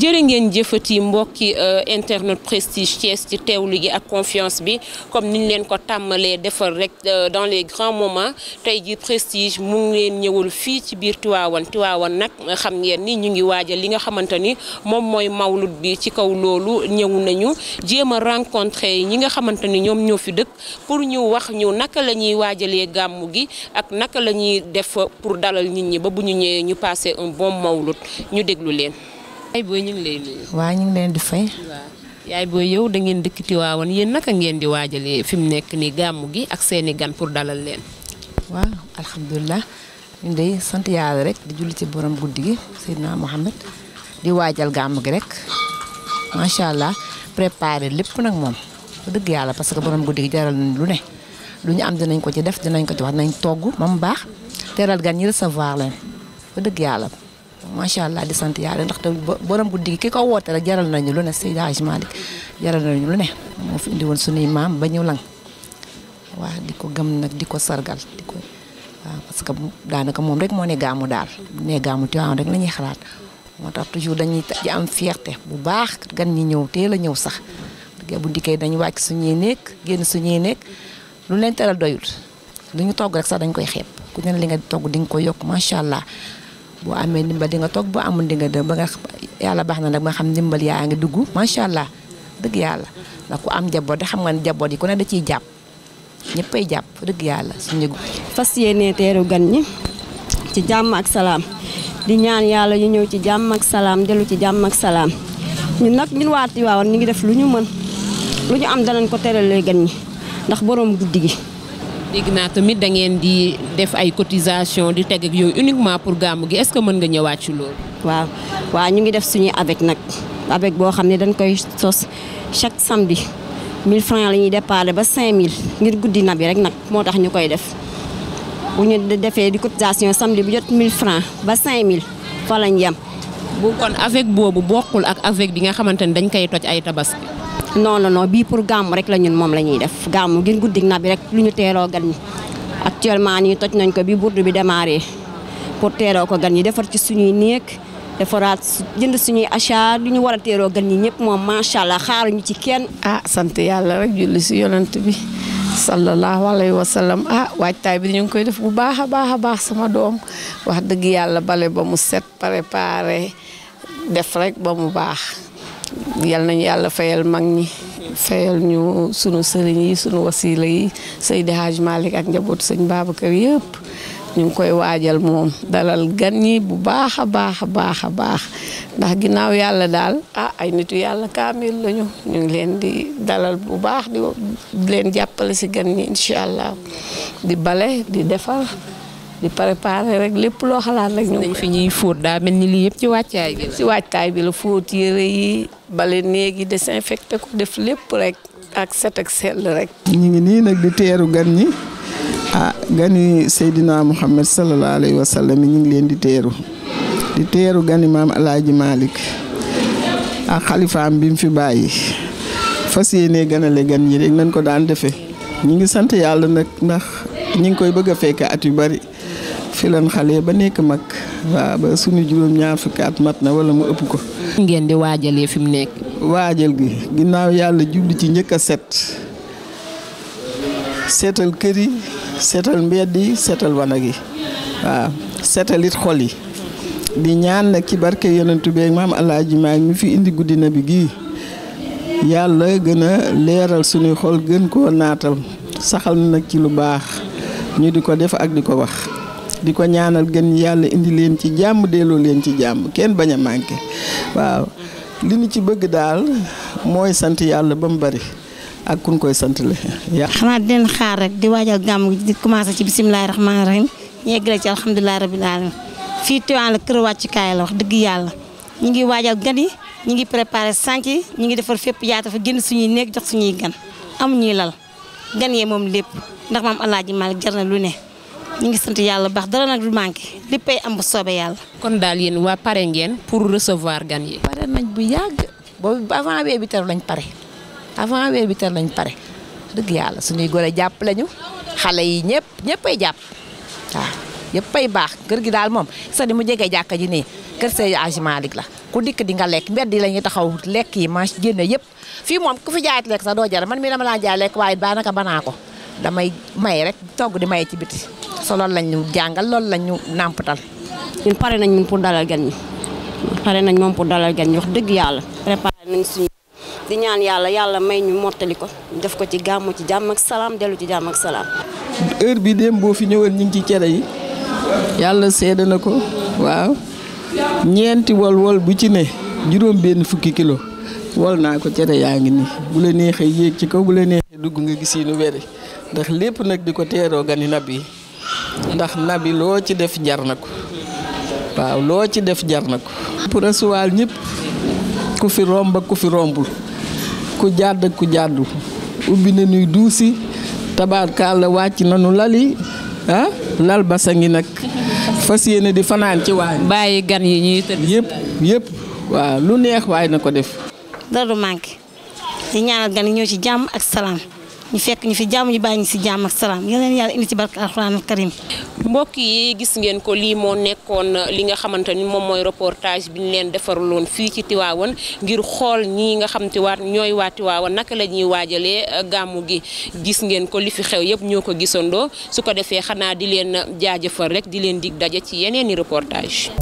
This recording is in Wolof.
jërë jëfëti jëfati mbokki euh, internet prestige Thiès ci teewlu gi ak confiance bi comme niñ leen ko tamalé défar rek euh, dans les grands moments tay ji prestige mu ngi leen ñëwul fi ci biir Tiwaawan Tiwaawan nak xam ngeen ni ñu ngi waajal li nga xamanteni mom moy mawlud bi ci kaw lolu ñëw nañu jéem a ñi nga xamanteni ñom ñoom ñoo fi dëkk pour ñu wax ñu naka lañuy ñuy gamu gi ak naka lañuy ñuy def pour dalal nit ñi ba bu ñu ñëwee ñu passer un bon mawlud ñu déglu leen ay booy ñu ngi lay nuyu. waa ñu ngi leen di fay. yaay booy yow da ngeen dëkk Tiwaawan yéen naka ngeen di waajalee fi nekk nii gi ak seeni gan pour dalal leen. waaw alhamdulilah ñun day sant yàlla rek di julli ci borom guddi gi Seydina Mohamed di waajal gàmmu gi rek macha allah préparé lépp nag mom. dëgg yàlla parce que borom guddi gi jaral nañ lu ne lu ñu am dinañ ko ci def dinañ ko ci wax nañ togg moom baax teral gan ñi recevoir leen ba dëgg Masya allah di sant yalla ndax borom guddigi kiko wote ko rek jaral nañu lu ne Seydi Hadji malik jaral nañu lu ne mo fi indi won suni maam ba ñew lang wa diko ko nak diko sargal diko wa parce que danaka mom rek mo ne gamu dal ne gamu tiwaan rek lañuy ñuy xalaat moo tax toujours dañuy di am fierté bu baax gan ñi ñew te la ñew sax bu dikay dañu wacc suñuy nek genn suñuy nek lu len teral doyul duñu togg rek sax dañ koy xeeb ku ñen li nga togg ding ko yok ma sha allah bo amé ndimbal di nga tok bo amul di nga dem ba nga yalla baxna nak ma xam nga ya nga duggu ma sha allah deug yalla la ko am jabo de xam nga jabo di ko ne da ci japp ñeppay japp deug yalla suñu. fas yéenee teru gan ñi ci jamm ak salam di ñaan yalla ñu ñew ci jamm ak salam delu ci jamm ak salam ñun nak ñun waati ñi ngi def lu mën luñu am danañ ko teralee gan ñi ndax borom guddigi dégg naa tamit da ngeen di def ay cotisation di teg ak yooyu uniquement pour gàmmu gi est-ce que mën nga ñëwaat ci loolu. waaw waaw ñu ngi def suñuy avec nag avec boo xam ne dañ koy sos chaque samedi 1000 francs la ñuy déparé ba mille ngir guddi na bi rek nag moo tax ñu koy def bu ñu defee di cotisation samedi bu jot mille francs ba 5000 fa lañ yem. bu kon avec boobu bokkul ak avec bi nga xamante ne dañ koy toj ay tabaski. non non non bi pour gam rek la ñun mom lañuy def gam giñ guddik na bi rek luñu ñu gan ñi actuellement nii toj nañ ko bi burdu bi démarré pour teeroo ko gan ñi défar ci suñuy néeg défarat jënd suñuy achat lu wara war a teeroo gan ñi ñëpp moom macha allah xaaruñu ci kenn. ah sante yalla rek julli ci yonent bi sallallahu alaihi wasallam. ah ah tay bi ñu koy def bu baaxa baaxa baax sama doom wax deug yalla bale ba mu set préparer def rek ba mu baax. yal nañu yàlla fayal mag ñi fayal ñu sunu sëriñ yi sunu wasila yi Seydi Hadj Malick ak njaboot sëñ Babacar yëpp ñu ngi koy waajal moom dalal gan ñi bu baax a baax a baax a baax ndax ginnaaw yàlla daal ah ay nitu yàlla kaamil lañu ñu ngi leen di dalal bu baax di leen jàppale si gan ñi incha allah di bale di defar. di préparer rek lepp lo xalaat rek. ñu fi ñuy fóot da melni li lii ci waccay bi la. si wàccaay bi la fóot yére yi balé négi yi désinfecté ko def lepp rek ak set ak sel rek. ñi ngi ni nak di téru gan ñi ah gan yi Seydina muhammad sallallahu alaihi wasallam ñi ngi leen di téru di téru gan imam maam malik ak khalifa am mu fi bayyi fasiyene ganale gan ñi rek nañ ko daan defé ñi ngi sante yalla nak ndax ñi ngi koy bëgg fekk at yu bari. fi leen xale ba nekk mag waaw ba suñu juróom-ñaar fukki at mat na wala mu ëpp ko. ngeen di waajale fi mu nekk. waajal gi ginnaaw yàlla jubli ci njëkk a set seetal kër yi seetal mbedd yi seetal wanag yi waaw seetal xol yi di ñaan nag ci barke yonentu beeg maam Alaaji Maag mi fi indi guddi na bi gii yàlla gën a leeral suñuy xol gën koo naatal saxal na nag ci lu baax ñu di ko def ak di ko wax. di ko ñaanal gën yàlla indi leen ci jàmm delloo leen ci jàmm kenn bañ a manqué waaw li ñu ci bëgg daal mooy sant yàlla ba mu bari ak kun koy sant le xanaa di leen xaar rek di waajal gàmm di commencé ci bisimilahi rahmaani rahim yeggale ci alhamdulilahi rabil alamin fii Tiwaawan la kër wàccukaay la wax dëgg yàlla ñu ngi waajal gan yi ñu ngi préparé sànc ñu ngi defar fépp yaata fa génn suñuy néeg jox suñuy gan ñuy lal gan yee moom lépp ndax maam Alaaji Maalik jar na lu ne ñi ngi sant yalla bax dara nak du li pay am bu soobee yàlla. kon dal yeen wa paré ngeen pour recevoir gan yi. pare nañ bu yag bo avant weer bi lañ pare avant weer bi lañ paré deug yalla suñuy gore japp lañu xalé yi ñëpp ñëppay jàpp waaw ñëppay bax kër gi dal mom sa di mu jégué jakka ji ni kër sey Hadji malik la ku dik di nga lek mbéddi lañ taxaw lek yi ma génne yépp fi mom ku fi jaayat lek sax do jar man mi dama la jaay lek waye it naka damay may rek togg di may ci biti so lol lañu jangal lol lañu nampal ñun paré nañ ñun pour dalal gan ñi pare nañ mom pour dalal gan ñi wax deug yalla préparé nañ suñu di ñaan yalla yalla may ñu mottali ko def ko ci gamu ci jam ak salam delu ci jam ak salam heure bi dem bo fi ñewal ñing ci cere yi yalla seede waaw ñenti wol wol bu ci ne juroom ben fukki kilo wol na ko cere yaangi ni bu le nexé yéeg ci ko bu le nexé dugg nga gisi nu ndax lepp nak diko téro gani nabi ndax nabi lo ci def jar na waaw loo ci def jar na ko pour recevoir ñëpp ku fi romb ku fi rombul ku jadd ku jàddul ubbi na nuy dusi la nanu lali ah lal basa ngi nag fas di fanan ci waay baye gan yi ñuy teul yep yep waaw lu neex way na ko def daru manki di ñaanal gan yi ci ak salam ñu fekk ñu fi jàmm ñu bàyyi ñu si jàmm ak salaam yeneen yàlla indi ci barke alxuraanul karim mbokk yi gis ngeen ko lii moo nekkoon li nga xamante ni moom mooy reportage bi ñu leen defar loon fii ci Tiwaawan ngir xool ñii nga xam tiwaat ñooy waa Tiwaawan naka la ñuy waajalee euh, gàmmu gi gis ngeen ko li fi xew yëpp ñoo ko gisandoo su ko defee xanaa di leen jaajëfal rek di leen dig daje ci yeneeni reportage